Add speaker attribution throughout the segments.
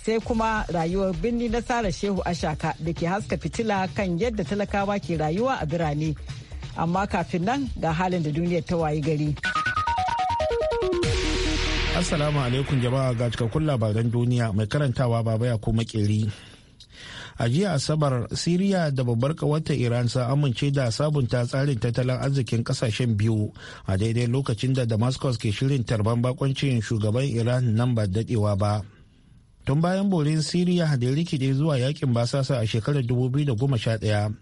Speaker 1: sai kuma rayuwar birni na tsara Shehu Ashaka da ke haska fitila kan yadda talakawa ke rayuwa a birane. Amma kafin nan ga halin da duniyar ta wayi gari.
Speaker 2: Assalamu alaikum jama'a ga cikakkun labaran duniya mai karantawa baba ya kuma kiri. A jiya Asabar, Siriya da babbar kawarta Iran sun amince da sabunta tsarin tattalin arzikin kasashen biyu a daidai lokacin da Damascus ke shirin tarban bakoncin shugaban Iran nan ba dadewa ba. tun bayan borin siriya da rikide zuwa yakin basasa a shekarar 2011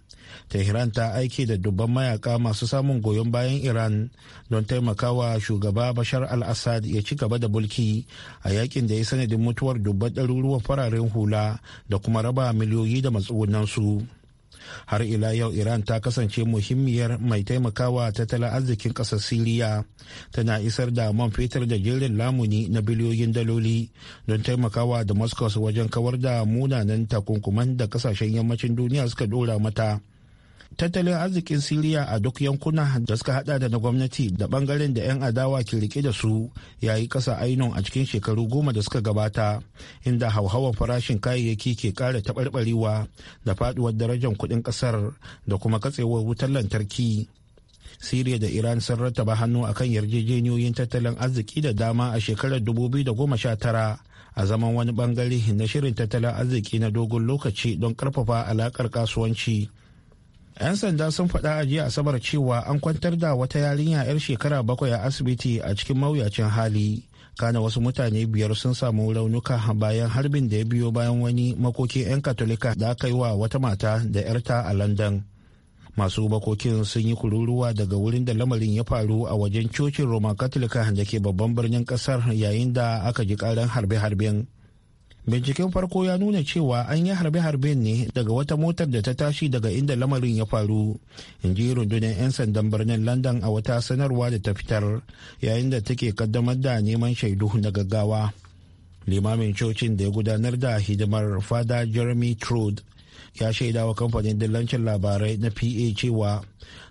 Speaker 2: tehran ta aiki da dubban mayaka masu samun goyon bayan iran don taimakawa shugaba bashar al-assad ya ci gaba da mulki a yakin da ya sanadin mutuwar dubban ɗaruruwan fararen hula da kuma raba miliyoyi da matsugunansu har ila yau iran ta kasance muhimmiyar mai taimakawa tattalin arzikin ƙasar siriya tana isar da man fetur da jerin lamuni na biliyoyin daloli don taimakawa da moscow wajen kawar da munanan takunkuman da kasashen yammacin duniya suka dora mata tattalin arzikin siriya a duk yankuna da suka hada da na gwamnati da bangaren da 'yan adawa ke rike da su yayi kasa ainihin a cikin shekaru goma da suka gabata inda hauhawar farashin kayayyaki ke kara taɓarɓarewa da faduwar darajar kuɗin ƙasar da kuma katsewar wutar lantarki Siriya da Iran sun rattaba hannu akan yarjejeniyoyin tattalin arziki da dama a shekarar 2019 a zaman wani bangare na shirin tattalin arziki na dogon lokaci don karfafa alakar kasuwanci 'yan sanda sun faɗa a jiya asabar cewa an kwantar da wata yarinya 'yar shekara bakwai a asibiti a cikin mawuyacin hali kana wasu mutane biyar sun samu raunuka bayan harbin da ya biyo bayan wani makokin 'yan katolika da aka yi wa wata mata da 'yarta a london masu bakokin sun yi kururuwa daga wurin da lamarin ya faru a wajen cocin roman katolika da ke babban birnin kasar yayin da aka ji karin harbe-harben binciken farko ya nuna cewa an yi harbe-harben ne daga wata motar da ta tashi daga inda lamarin ya faru in ji rundunar 'yan sandan birnin london a wata sanarwa da ta fitar yayin da take kaddamar da neman shaidu na gaggawa limamin cocin da ya gudanar da hidimar fada jeremy trude ya shaida wa kamfanin dillancin labarai na pa cewa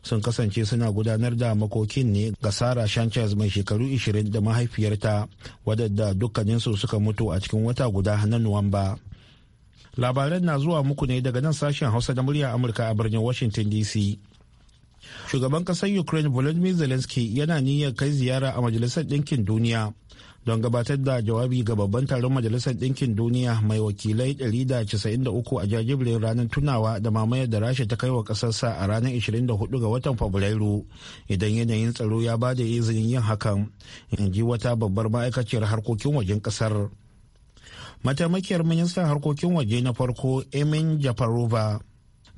Speaker 2: sun kasance suna gudanar da makokin ne ga sara sanchez mai shekaru 20 da mahaifiyarta wadanda dukkaninsu suka mutu a cikin wata guda na nuwamba labaran na zuwa muku ne daga nan sashen hausa da murya amurka a birnin washington dc shugaban kasar ukraine volodymyr zelensky yana niyyar kai ziyara a majalisar ɗinkin duniya don gabatar da jawabi ga babban taron majalisar ɗinkin duniya mai wakilai 193 a jajibirin ranar tunawa da mamayar da rasha ta kai wa ƙasarsa a ranar 24 ga watan fabrairu idan yanayin tsaro ya ba da izinin yin hakan in ji wata babbar ma'aikaciyar harkokin wajen ƙasar mataimakiyar ministan harkokin waje na farko emin jafarova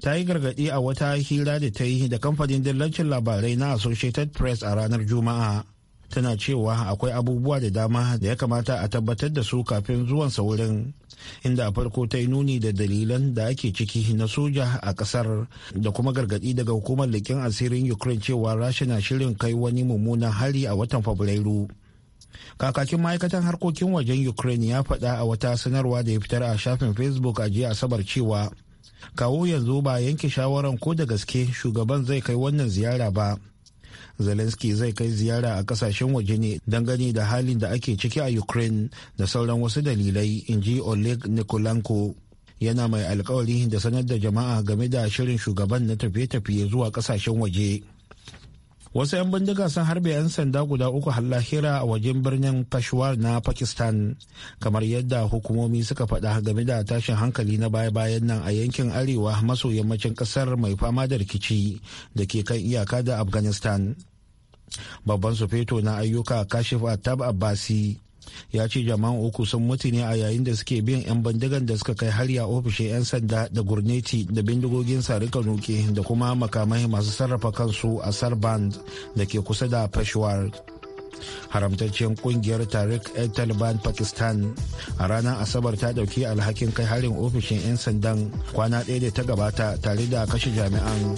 Speaker 2: ta yi gargaɗi a wata hira da ta yi da kamfanin dillancin labarai na associated press a ranar juma'a tana cewa akwai abubuwa da dama da ya kamata a tabbatar da su kafin zuwansa wurin inda a farko ta yi nuni da dalilan da ake ciki na soja a kasar da kuma gargadi daga hukumar likin asirin ukraine cewa rasha na shirin kai wani mummunan hari a watan fabrairu kakakin ma'aikatan harkokin wajen ukraine ya faɗa a wata sanarwa da ya fitar a shafin facebook a jiya asabar cewa kawo yanzu ba yanke shawaran ko da gaske shugaban zai kai wannan ziyara ba zelensky zai kai ziyara a kasashen waje ne dangane da halin da ake ciki a ukraine da sauran wasu dalilai inji ji oleg nikolanko yana mai alkawari da sanar da jama'a game da shirin shugaban na tafiye-tafiye zuwa kasashen waje wasu 'yan bindiga sun harbe 'yan sanda guda uku hallahira a wajen birnin peshawar na pakistan kamar yadda hukumomi suka faɗa game da tashin hankali na baya-bayan nan a yankin arewa maso yammacin ƙasar mai fama da rikici da ke kan iyaka da afghanistan babban sufeto na ayyuka kashif atab abbasi ya ce jama'an uku sun mutu ne a yayin da suke bin 'yan bindigan da suka kai har ya ofishin 'yan sanda da gurneti da bindigogin sarika nuke da kuma makamai masu sarrafa kansu a sarband da ke kusa da peshawar haramtaccen kungiyar tarik el taliban pakistan a ranar asabar ta dauki alhakin kai harin ofishin 'yan sandan kwana ɗaya da ta gabata tare da kashe jami'an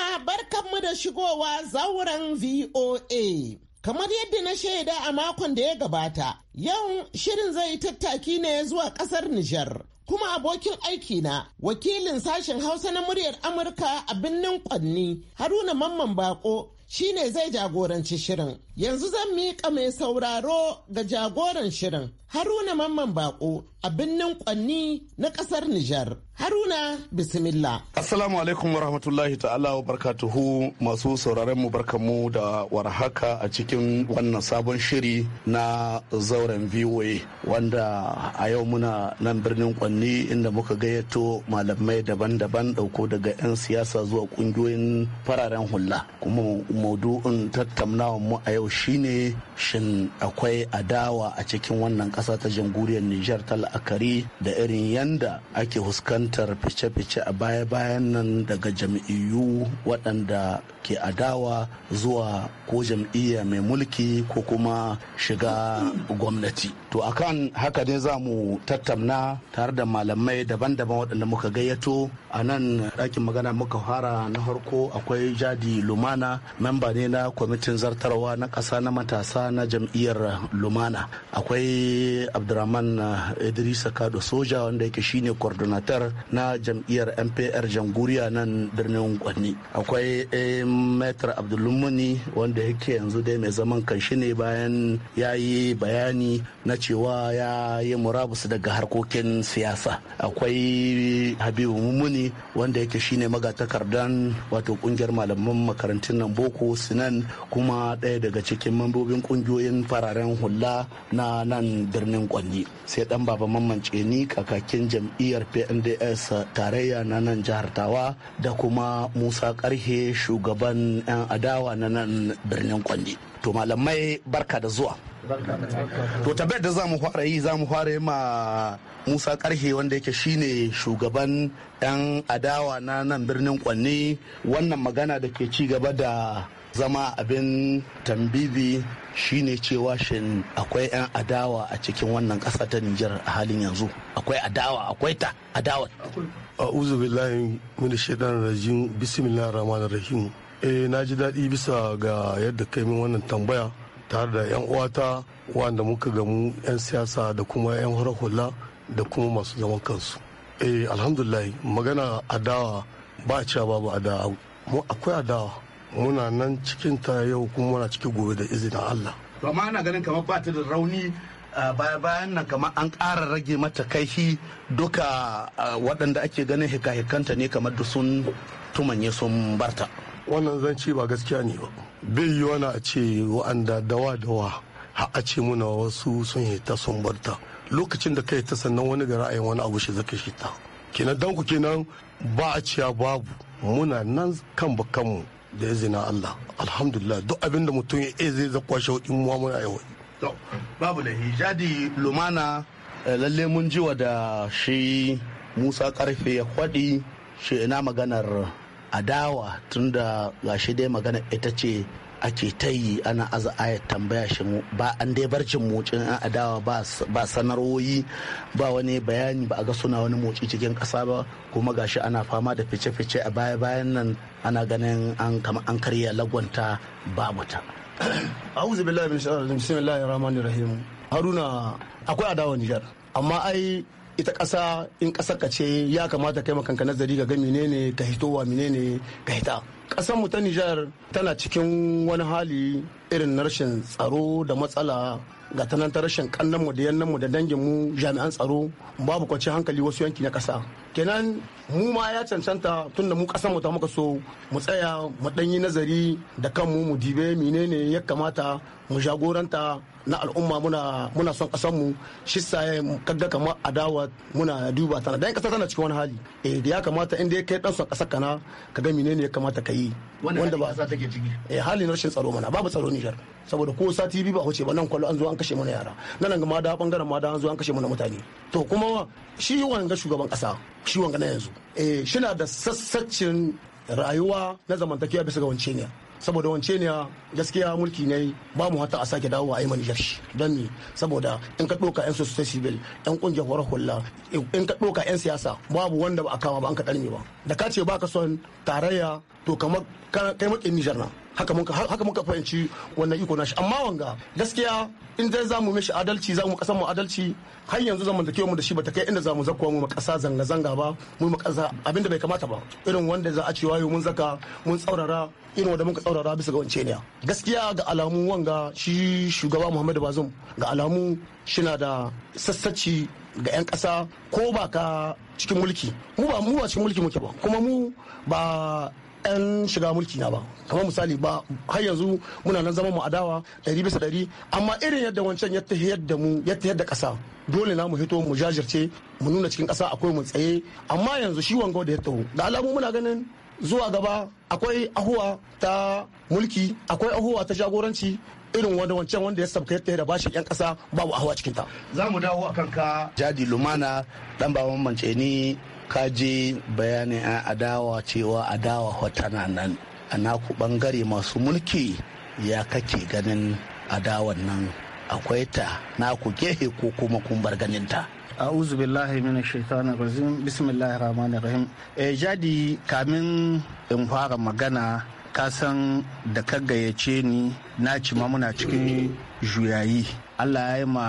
Speaker 3: barkanmu da shigowa zauren VOA. Kamar yadda na shaida a makon da ya gabata, yau shirin zai tattaki ne zuwa ƙasar Nijar. Kuma abokin aikina, wakilin sashen Hausa na muryar Amurka a birnin Kwanni, Haruna Mamman Bako, shine zai jagoranci shirin. Yanzu zan miƙa mai sauraro ga jagoran shirin Haruna Mamman Bako a birnin Kwanni na ƙasar Nijar. Haruna Bismillah.
Speaker 4: Assalamu alaikum wa rahmatullahi ta'ala wa barkatuhu masu sauraren mu barkamu da warhaka a cikin wannan sabon shiri na zauren VOA wanda a yau muna nan birnin Kwanni inda muka gayyato malamai daban-daban dauko daga 'yan siyasa zuwa kungiyoyin fararen hula kuma maudu'in tattaunawa mu a yau shine shin akwai adawa a cikin wannan ƙasa ta jamhuriyar Nijar ta la'akari da irin yanda ake huskantar fice-fice a baya-bayan nan daga jam'iyyu waɗanda ke adawa zuwa ko jam'iyya mai mulki ko kuma shiga gwamnati. To akan haka ne za mu tattauna tare da malamai daban-daban waɗanda muka gayyato a nan ɗakin magana muka fara na harko akwai jadi lumana memba ne na kwamitin zartarwa na ƙasa na matasa na jam'iyyar lumana akwai abdurrahman eh, idrisa kado soja wanda yake shine coordinator na jam'iyyar mpr janguriya nan birnin kwanni akwai eh, metar abdulmuni wanda yake yanzu dai mai zaman kanshi ne bayan ya yi bayani na cewa ya yi murabus daga harkokin siyasa akwai habibu mumuni wanda yake shine magatakardan wato kungiyar malaman makarantun nan boko sinan kuma ɗaya daga A cikin mambobin kungiyoyin fararen hula na nan birnin kwanni sai dan baba mamance ni kakakin jam'iyyar pnds tarayya na nan jihar tawa da kuma musa karhe shugaban 'yan adawa na nan birnin kwanni to malamai barka da zuwa to tabbayar da za mu fara yi za mu fara yi ma musa karhe wanda yake shine shugaban 'yan adawa na nan birnin kwanni wannan magana da ke ci gaba da zama abin tambibi shine cewa shin akwai 'yan adawa a cikin wannan ƙasa ta Nijar a halin yanzu akwai adawa akwai ta adawa uzu billahi mini shaidan rajin bismillahir rahmanir rahim eh na ji daɗi bisa ga yadda kai min wannan tambaya tare da 'yan uwata wanda muka gamu 'yan siyasa da kuma 'yan hula da kuma masu zaman kansu eh alhamdulillah magana adawa ba a cewa babu adawa mu akwai adawa muna nan cikin ta yau kuma muna ciki gobe da izinin Allah. To amma ana ganin kamar ba ta da rauni baya bayan nan kamar an ƙara rage mata kaihi duka waɗanda ake ganin hika-hikanta ne kamar da sun tumanye sun barta. Wannan zan ba gaskiya ne ba. Bai yi wani a ce wa'anda dawa-dawa har a ce muna wasu sun ta sun barta. Lokacin da kai ta sannan wani ga ra'ayin wani abu shi zaka shi ta. Kenan danku kenan ba a ciya babu muna nan kan bakanmu da zina Allah alhamdulillah duk abin da mutum ya eh, zai zakwa shauƙin muwa muna yau babu da hijadi lumana eh, lalle mun jiwa da shi musa karfe ya kwaɗi shi ina maganar adawa tunda gashi dai magana ita ce ake ta yi ana aza ayat tambaya shi ba an dai barcin moci an adawa ba sanarwoyi ba wani bayani ba a ga suna wani moci cikin kasa ba kuma gashi ana fama da fice-fice a baya-bayan nan ana ganin an kama an karya lagwanta babu ta. A'udhu billahi min shaitanir rajim bismillahir rahmanir rahim. Haruna akwai adawa Nijar amma ai ita kasa in ƙasar ka ce ya kamata kai makanka nazari ga menene ka hitowa menene ka hita. mu ta Nijar tana cikin wani hali irin na rashin tsaro da matsala ga ta ta rashin kannanmu da yannanmu da danginmu jami'an tsaro babu kwanci hankali wasu yanki na ƙasa kenan mu ma ya cancanta tun da mu ƙasarmu mu ta muka so mu tsaya mu yi nazari da kanmu mu dibe menene ya kamata mu jagoranta na al'umma muna muna son ƙasarmu. mu sa ya kaga kamar adawa muna duba tana dan ƙasa tana cikin wani hali eh da ya kamata inda ya kai dan son ƙasar kana kaga menene ya kamata ka yi yi wanda ba eh halin rashin tsaro mana babu tsaro nijar saboda ko sati biyu ba hoce ba nan kwallo an zo an kashe mana yara nan ga mada bangaren mada an zo an kashe mana mutane to kuma shi wanga shugaban kasa shi wanga na yanzu eh shina da sassacin rayuwa na zamantakewa bisa ga wanciniya saboda wance ne gaskiya mulki ne ba mu hata a sake dawo a yi manijar shi don saboda in ka ɗauka 'yan sosai civil 'yan ƙungiyar horar hula in ka ɗauka 'yan siyasa babu wanda ba a kama ba an ka ɗarme ba da ka ce ba ka son tarayya to kamar kai makin nijar na haka muka fahimci wannan iko nashi amma wanga gaskiya in dai zamu mishi adalci zamu kasa mu adalci har yanzu zaman da mu da shi bata kai inda zamu zakwa mu kasa zanga zanga ba mu mu kasa abinda bai kamata ba irin wanda za a cewa yau mun zaka mun tsaurara irin wanda muka tsaurara bisa ga wance ne gaskiya ga alamu wanga shi shugaba Muhammadu Bazum ga alamu shina da sassaci ga 'yan ƙasa ko ba ka cikin mulki mu ba mu ba cikin mulki muke ba kuma mu ba 'yan shiga mulki na ba kamar misali ba har yanzu muna nan zama mu adawa ɗari bisa ɗari amma irin yadda wancan ya tahiyar da mu ya tahiyar da ƙasa dole na mu hito mu jajirce mu nuna cikin ƙasa akwai mu tsaye amma yanzu shi wanga da ya taho da alamu muna ganin zuwa gaba akwai ahuwa ta mulki akwai ahuwa ta jagoranci irin wanda wancan wanda ya sabka yadda da bashi yan kasa babu ahuwa cikin ta za mu dawo akan ka jadi lumana dan baban mance ni ka je bayanin a adawa cewa adawa tana nan a naku bangare masu mulki ya kake ganin adawan nan akwai ta naku gehe ko kuma kun bar ganin ta a'udhu billahi minash shaitanir rajim bismillahir rahmanir rahim eh jadi kamin in fara magana ka san da ka gayyace ni na ci ma muna cikin juyayi allah ya yi ma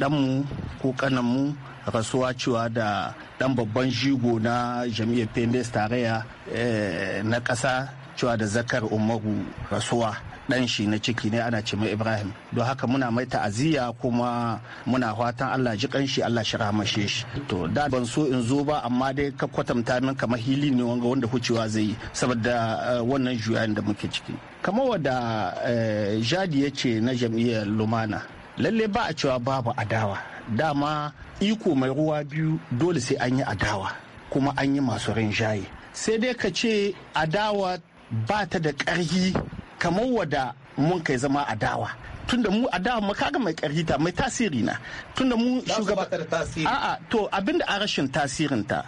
Speaker 4: ɗanmu ko ƙananmu rasuwa cewa da ɗan babban jigo na jami'ar pnds tarayya eh, na ƙasa cewa da zakar umaru rasuwa ɗan shi na ciki ne ana ce mai ibrahim don haka muna mai ta'aziyya kuma muna fatan allah ji kan shi allah shi rahamashe shi to da ban so in zo ba amma dai ka kwatanta min kamar hili ne wanga wanda hucewa zai yi saboda eh, wannan juyayin da muke ciki kamar wadda eh, jadi ya ce na jam'iyyar lumana lalle ba a cewa babu adawa dama iko mai ruwa biyu dole sai an yi adawa kuma an yi masu rinjaye sai dai ka ce adawa ba ta da ƙarfi kamar wada mun kai zama adawa tunda mu adawa ma kaga mai ƙarfi ta mai tasiri na tunda mu shugaba a'a to abinda a rashin tasirin ta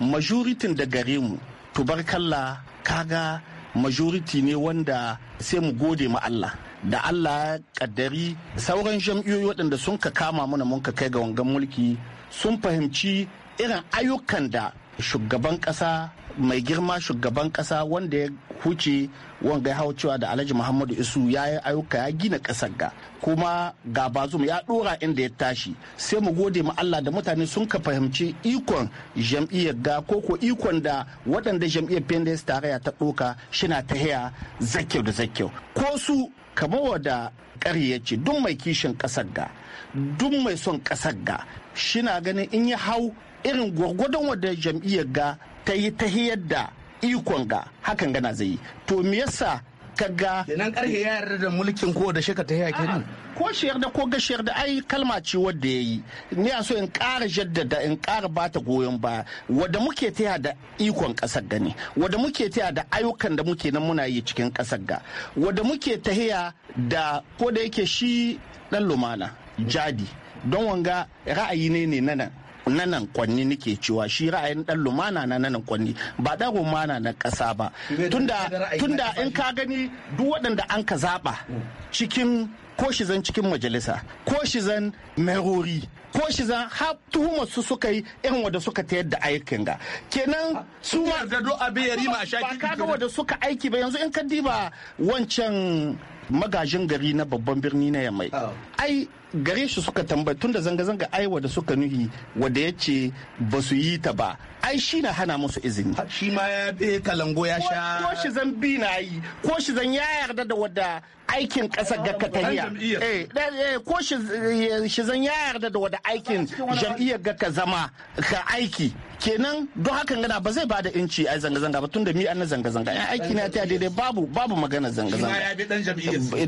Speaker 4: majoritin da gare mu tubarkalla kaga majority ne wanda sai mu gode ma Allah da allah ya kaddari sauran jam'iyyoyi waɗanda sun ka kama mana mun ka kai ga wangan mulki sun fahimci irin ayyukan da shugaban ƙasa mai girma shugaban kasa wanda ya huce wanga ya hau cewa da alhaji muhammadu isu ya yi ayyuka ya gina kasar ga kuma ga bazum ya dora inda ya tashi sai mu gode ma allah da mutane sun ka fahimci ikon jam'iyyar ga ko ko ikon da waɗanda jam'iyyar pendes tarayya ta ɗoka shina ta haya zakkyau da zakkyau ko su kamar da ƙari ya ce duk mai kishin ƙasar ga duk mai son ƙasar ga shina ganin in ya hau irin gwargwadon wadda jam'iyyar ga ta yi ta da ikon ga hakan gana zai yi to me yasa ka ga kenan karhe ya yarda da mulkin ko da shi ka ta yake ko shi yarda ko ga shi yarda ai kalma ce wanda ya yi ni a so in kara jaddada in ƙara bata goyon baya wadda muke taya da ikon ƙasar gani wadda muke taya da ayyukan da muke nan muna yi cikin ƙasar ga wadda muke tahiya da ko da yake shi dan lumana jadi don wanga ra'ayi ne ne na nan nanan kwanni nake cewa shi ra'ayin dan lumana na nanan kwanni ba dan lumana na kasa ba tunda tunda in ka gani duk waɗanda an ka zaba. Mm. cikin ko shi zan cikin majalisa ko shi zan merori ko shi zan tuhumar su suka yi irin wanda suka tayar da aikin ga kenan su ma da do abin yari ma sha ki kaga wanda suka aiki ba yanzu in ka diba wancan magajin gari na babban birni na yamai oh. ai gare shi suka tambayi tunda zanga-zanga aiwa da suka nuhi wadda ya ce ba su yi ta ba ai shi na hana musu izini shi ma ya kalango ya sha ko shi zan bi na yi ko shi zan ya yarda da wadda aikin ƙasar ga katariya eh, eh, ko eh, shi zan ya yarda da wadda aikin jam'iyyar ga ka zama ka aiki kenan don hakan gana ba zai bada inci a zanga-zanga ba tun da mi na zanga-zanga ya aiki na ta daidai babu babu magana zanga-zanga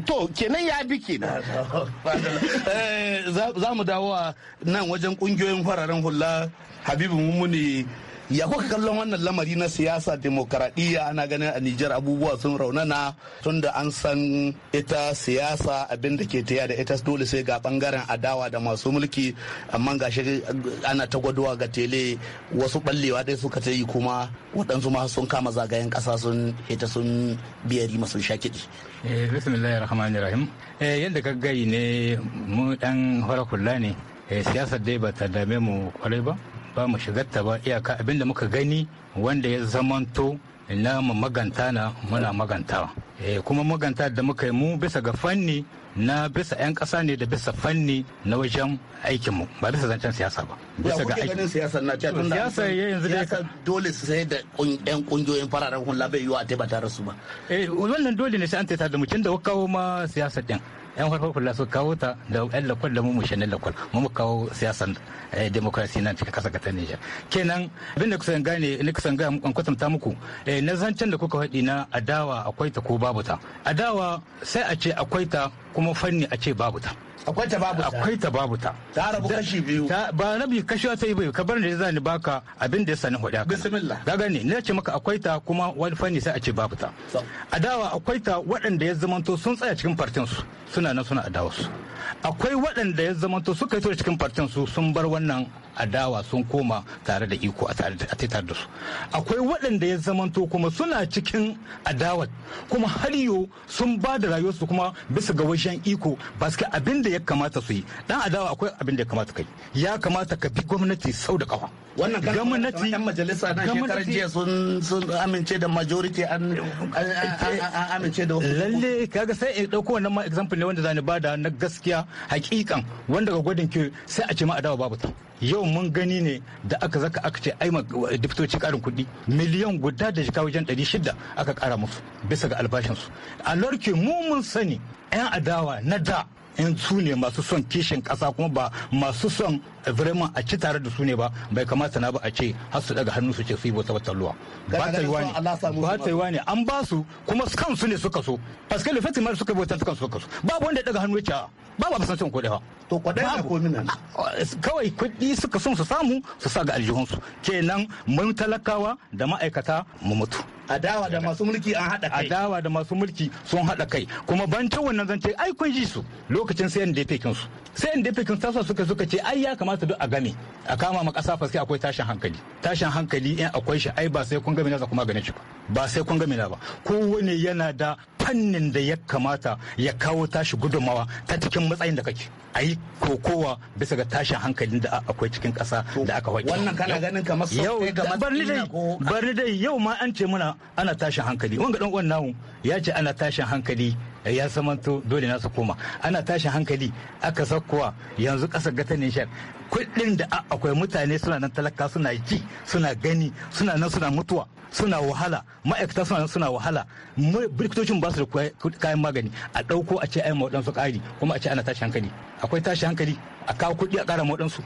Speaker 4: to kenan ya bi kenan Eh, za mu dawo nan wajen kungiyoyin fararen hula habibu mummuni ya kuka kallon wannan lamari na siyasa demokaradiyya ana ganin a Nijar abubuwa sun raunana tun da an san ita siyasa abin da ke taya da ita dole sai ga bangaren adawa da masu mulki amma shi ana ta gwadowa ga tele wasu ballewa dai suka ta yi kuma waɗansu ma sun kama zagayen ƙasa sun ita sun biyari masu sun sha kiɗi.
Speaker 5: Eh, bismillahir rahmanir eh, yadda ka gai ne mu ɗan ne eh, siyasar dai ba ta dame mu kwarai ba ba mu shigar ta ba iyaka abinda muka gani wanda ya zamanto na mu maganta na muna magantawa eh, kuma maganta da muka yi mu bisa ga fanni na bisa 'yan ƙasa ne da bisa fanni na wajen aikinmu ba bisa zancen siyasa ba bisa ga aikin siyasa na ce tun da siyasa
Speaker 4: dole su sai da 'yan kungiyoyin fararen hula bai yiwa a ba da su ba
Speaker 5: eh wannan dole ne sai an ta da mutum da kawo ma siyasa din yan farko kula su kawo ta da yan lakwal da mu shanin lakwal mu mu kawo siyasan eh, demokrasi nan cikin kasa ta Nijar kenan abin da kusan gane ni kusan ga an kwatanta muku eh, na zancen da kuka faɗi na adawa akwai ta ko babu ta adawa sai a ce akwai ta kuma fanni a ce babu ta akwai ta babu ta akwai ta babu ta ta rabu kashi biyu ba bi kashi ta yi bai ka bar da zan baka abin da ya sani hoda bismillah ga gani ne ce maka akwai ta kuma wani fanni sai a ce babu ta adawa akwai ta waɗanda ya zamanto sun tsaya cikin partin su suna nan suna adawa su akwai waɗanda ya zamanto suka yi cikin partin su sun bar wannan adawa sun koma tare da iko a taitar da su akwai waɗanda ya zamanto kuma suna cikin adawa kuma har yau sun ba da rayuwarsu kuma bisa ga wajen iko ba su abin da ya kamata su yi dan adawa akwai abin da ya kamata kai ya kamata ka bi gwamnati sau da kawa wannan gwamnati yan majalisa na shekarar jiya sun
Speaker 4: amince da majority an
Speaker 5: amince da lalle kaga sai in dauko wannan ma example ne wanda zani bada na gaskiya hakikan wanda ga gwadin ke sai a ce ma adawa babu ta yau mun gani ne da aka zaka aka ce ai diptoci karin kuɗi miliyan guda da jika wajen shida aka kara musu bisa ga albashinsu a lorke mu mun sani 'yan adawa na da in su ne masu son kishin kasa kuma ba masu son vraiment a ci tare da su ne ba bai kamata na ba a ce har su daga hannu su ce su yi wata wata luwa ba ta yi wani ba ta ne an ba su kuma kansu ne suka so paske le fait suka bautan su kansu suka so babu wanda daga hannu ya ba ba san son kuɗi ba to kuɗi na ko mina kawai kuɗi suka son su samu su sa ga aljihunsu kenan mun talakawa da ma'aikata mu mutu adawa da masu mulki an haɗa kai adawa da masu mulki sun haɗa kai kuma bancin wannan zance ai kun ji su lokacin sai NDP kansu sai NDP kan tasa suka suka ce ai ya kamata duk a game a kama ma kasa fa sai akwai tashin hankali tashin hankali in akwai shi ai ba sai kun game na za kuma gane shi ba sai kun game na ba kowane yana da fannin da ya kamata ya kawo tashi gudunmawa ta cikin matsayin da kake a yi kokowa bisa ga tashin hankalin da akwai cikin kasa da aka waƙi. Wannan kana ganin kamar sau ga dai dai yau ma an ce muna ana tashin hankali wanga dan uwan namu ya ce ana tashin hankali Eh, ya samanto dole na su koma ana tashin hankali aka sakkuwa yanzu kasar gata nishar kuɗin da akwai mutane suna nan talaka suna ji suna gani suna nan suna mutuwa suna wahala ma'aikata suna nan suna wahala birkitocin ba su da kayan magani a ɗauko a ce ai waɗansu ƙari kuma a ce ana tashi hankali akwai tashi hankali a kawo kuɗi a ƙara waɗansu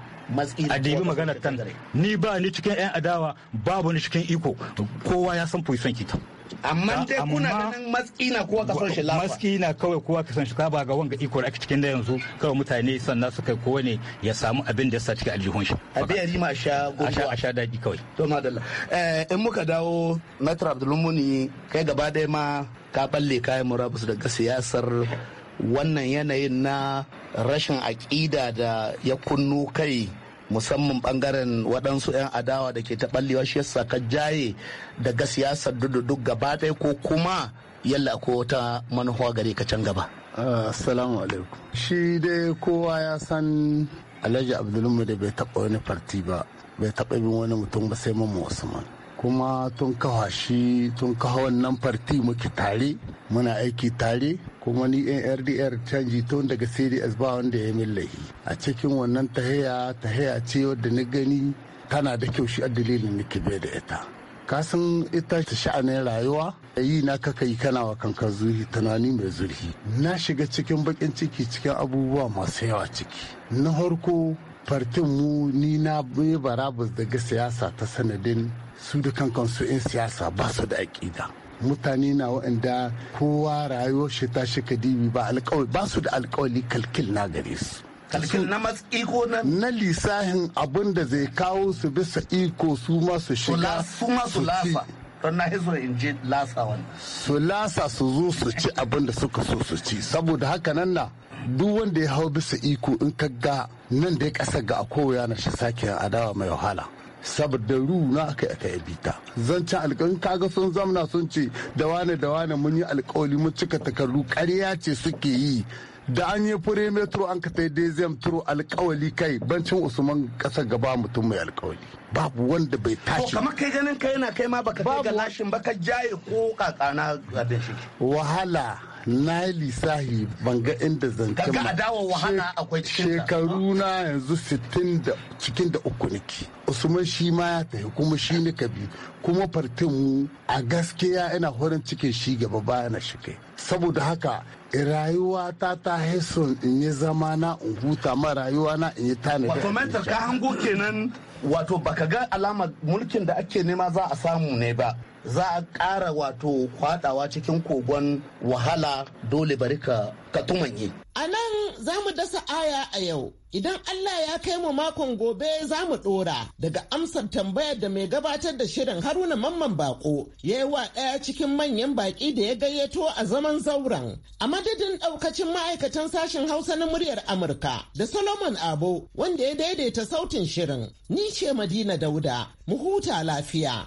Speaker 5: a dibi maganar tan ni ba ni cikin 'yan adawa babu ni cikin iko kowa ya san son kita amma dai kuna ganin maski na kowa ka san shi lafa Maski na kawai kowa ka san shi ba ga wanga iko ake cikin da yanzu kawai mutane
Speaker 4: sannan suka kowa ne ya samu abin da ya sa cikin aljihun shi abin ya ji ma sha gudu a sha daji kawai to madalla eh in muka dawo metro abdulmuni kai gaba da ma ka balle kayan murabus daga siyasar wannan yanayin na rashin aƙida da ya kunno kai musamman bangaren waɗansu 'yan adawa da ke taɓallewa shi yasa ka jaye daga siyasar dududuk gaba ɗaya ko kuma yalla ko ta manufa gare ka can gaba. Ah, assalamu alaikum. Shi dai kowa ya san Alhaji Abdulmu bai taɓa wani farti ba, bai taɓa bin wani mutum ba sai Mamman Usman. kuma tun kawa shi tun kawa wannan farti muke tare muna aiki tare kuma ni 'yan nrdr canji tun daga cds ba wanda ya millahi a cikin wannan tahiya tahiya ce wadda na gani tana da kyau shi a dalilin nake bai da ita kasan ita ta sha'anin rayuwa yi na kaka yi kana wa kanka zuri tunani mai zurfi na shiga cikin bakin ciki cikin abubuwa masu yawa ciki na farko fartin mu ni na bara da daga siyasa ta sanadin su da kansu in siyasa ba su da aƙida mutane na waɗanda kowa rayuwa shi ta shi dibi ba alkawali. ba su da alkawali kalkil na gare su kalkil na matsi iko na na lisahin abin da zai kawo su bisa iko su ma su shiga su ma su lafa don na hizo in je lasa wani su lasa su zo su ci abin da suka so su ci saboda haka nan na duk wanda ya hau bisa iko in ka ga nan da ya kasa ga a kowa yana shi sake adawa mai wahala saboda runa aka aka yi bita zancen alƙalin kaga sun zamna sun ce da wane da wane mun yi alƙawali mun cika takardu ƙarya ce suke yi da an yi fure metro an ka tai dezem turo alƙawali kai bancin usman ƙasa gaba mutum mai alƙawali babu wanda bai tashi kamar kai ganin kai na kai ma baka kai ga lashin baka jaye ko kakana abin shi wahala na yi lisahi ban ga inda zancen ma shekaru na yanzu 60 cikin da uku nake usman shi ma ya tafi kuma shi ni kabi kuma fartin mu a gaskiya ina horin cikin shi gaba baya na shi kai saboda haka eh, rayuwa ta ta heson in yi zama na in huta ma rayuwa na in yi tanadi wato mentor ka hango kenan wato baka ga alama mulkin da ake nema za a samu ne ba za a ƙara wato kwaɗawa cikin kogon wahala dole bari ka katumanye.
Speaker 3: A nan za mu dasa aya a yau. Idan Allah ya kai mu makon gobe za mu ɗora daga amsar tambayar da mai gabatar da shirin Haruna Mamman Bako ya yi wa ɗaya cikin manyan baƙi da ya gayyato a zaman zauren. A madadin ɗaukacin ma'aikatan sashen Hausa na muryar Amurka da Solomon Abo wanda ya daidaita sautin shirin. Ni ce Madina Dauda, mu huta
Speaker 1: lafiya.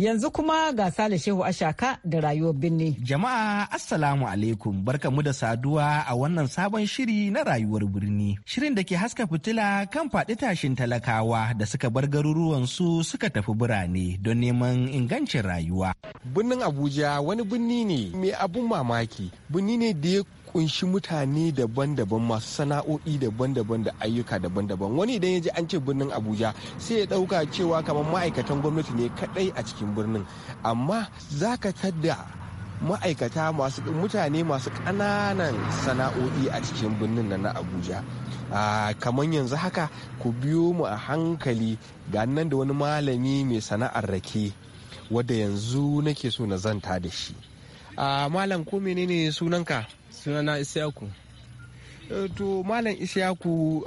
Speaker 1: Yanzu kuma ga Sale Shehu Ashaka da rayuwar birni. Jama'a Assalamu
Speaker 6: alaikum barkamu da saduwa a wannan sabon shiri na rayuwar birni. Shirin da ke haska fitila kan faɗi tashin talakawa da suka bar garuruwan su suka tafi birane don neman ingancin rayuwa. Birnin Abuja wani birni ne mai abun mamaki, birni ne da ya kunshi mutane daban-daban masu sana'o'i daban-daban da ayyuka daban-daban wani idan ya ji an ce birnin abuja sai ya ɗauka cewa kamar ma'aikatan gwamnati ne kadai a cikin birnin amma za ka tadda ma'aikata masu mutane masu ƙananan sana'o'i a cikin birnin nan na abuja kamar yanzu haka ku biyo mu a hankali ga nan da wani malami mai sana'ar rake wadda yanzu nake so na zanta da shi malam ko menene sunanka sunana isyaku eh, to malam isyaku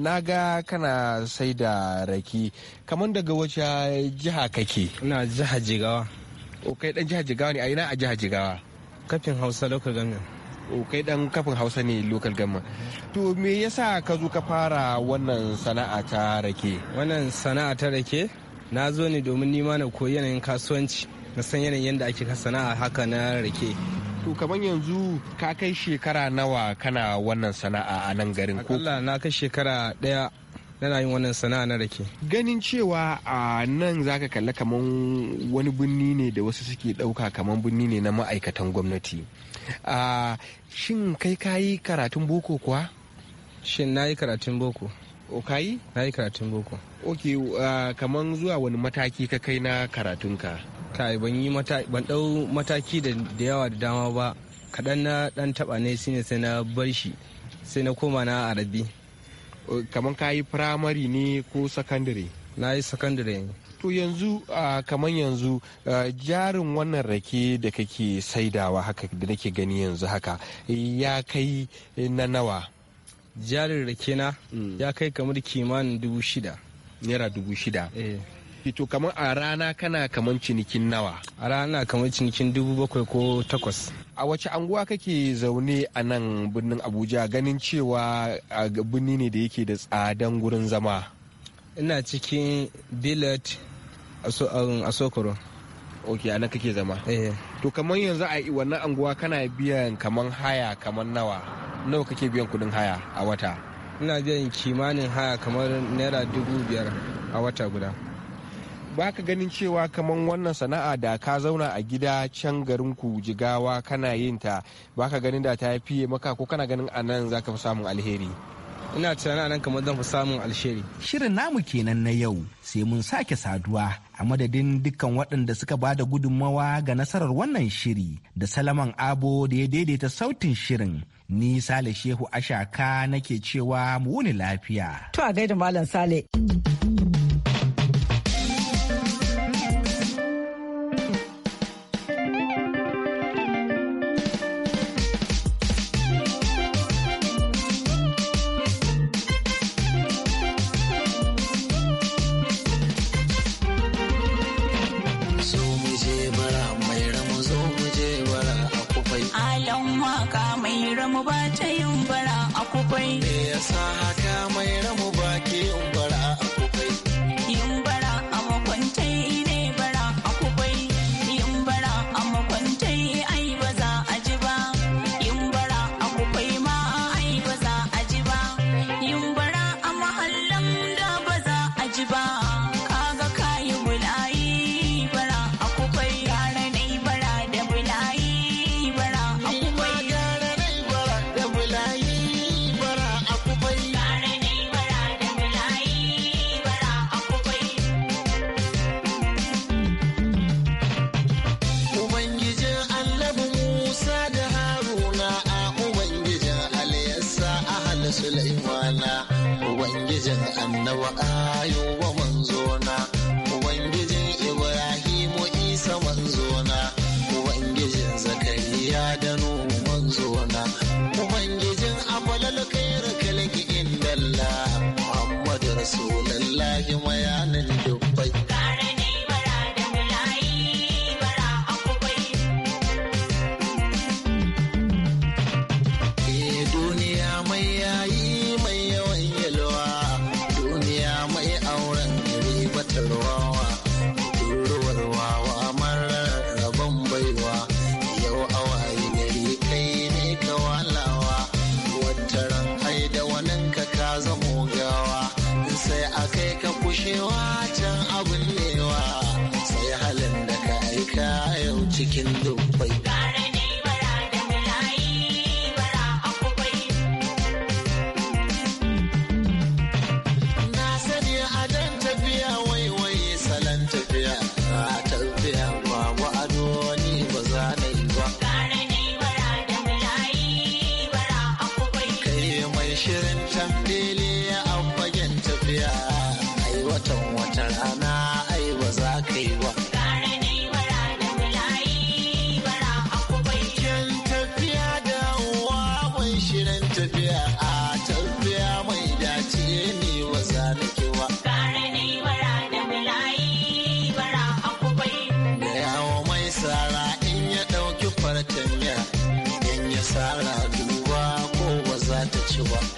Speaker 6: na ga kana sai da rake kamar daga wace jiha kake ina jiha jigawa o kai dan jiha jigawa ne a yana a jiha jigawa kafin hausa local government o kai dan kafin hausa ne local government to me yasa ka zo ka fara wannan sana'a ta rake wannan sana'a ta rake na zo ne domin nima na koyi yanayin kasuwanci na san yanayin yadda ake sana'a haka na rake to kamar yanzu ka kai shekara nawa kana wannan sana'a a nan garin ko na kai shekara daya nana yin wannan sana'a na rake ganin cewa a nan zaka kalla kaman wani birni ne da wasu suke dauka kaman birni ne na ma'aikatan gwamnati a shin kai kayi karatun boko kuwa shin na yi karatun boko o kayi na yi karatun boko ok kaman zuwa wani mataki ka kai na karatunka kai ban yi ban dau mataki da yawa da dama ba kaɗan na ɗan taɓa ne shine sai na bar shi sai na koma na arabi kamar ka yi firamare ne ko sakandare na yi sakandare to yanzu kamar yanzu jarin wannan rake da kake saidawa haka da nake gani yanzu haka ya kai na nawa jarin rake na mm. ya kai kamar kimanin dubu shida naira dubu shida eh. fito to kamar a rana kana kamar cinikin nawa a rana kamar cinikin dubu bakwai ko takwas a wace anguwa kake zaune a nan birnin abuja ganin cewa birni ne da yake da tsadan gurin zama ina cikin billet a um, sokoro ok a nan kake zama eh. to kamar yanzu a wannan anguwa kana biyan kamar haya kamar nawa nawa kake biyan kudin haya a wata ina biyan kimanin haya kamar naira dubu biyar a wata guda baka ganin cewa kamar wannan sana'a da ka zauna a gida can garin ku jigawa kana yin ta baka ganin da ta fiye maka ko kana ganin a zaka fi samun alheri ina tunanin nan kamar zan fi samun alheri shirin namu kenan na yau sai mun sake saduwa a madadin dukkan waɗanda suka ba da gudunmawa ga nasarar wannan shiri da salaman abo da ya daidaita sautin shirin ni sale shehu ashaka nake cewa mu
Speaker 1: wuni lafiya to a gaida malam sale
Speaker 7: haciendo Silva.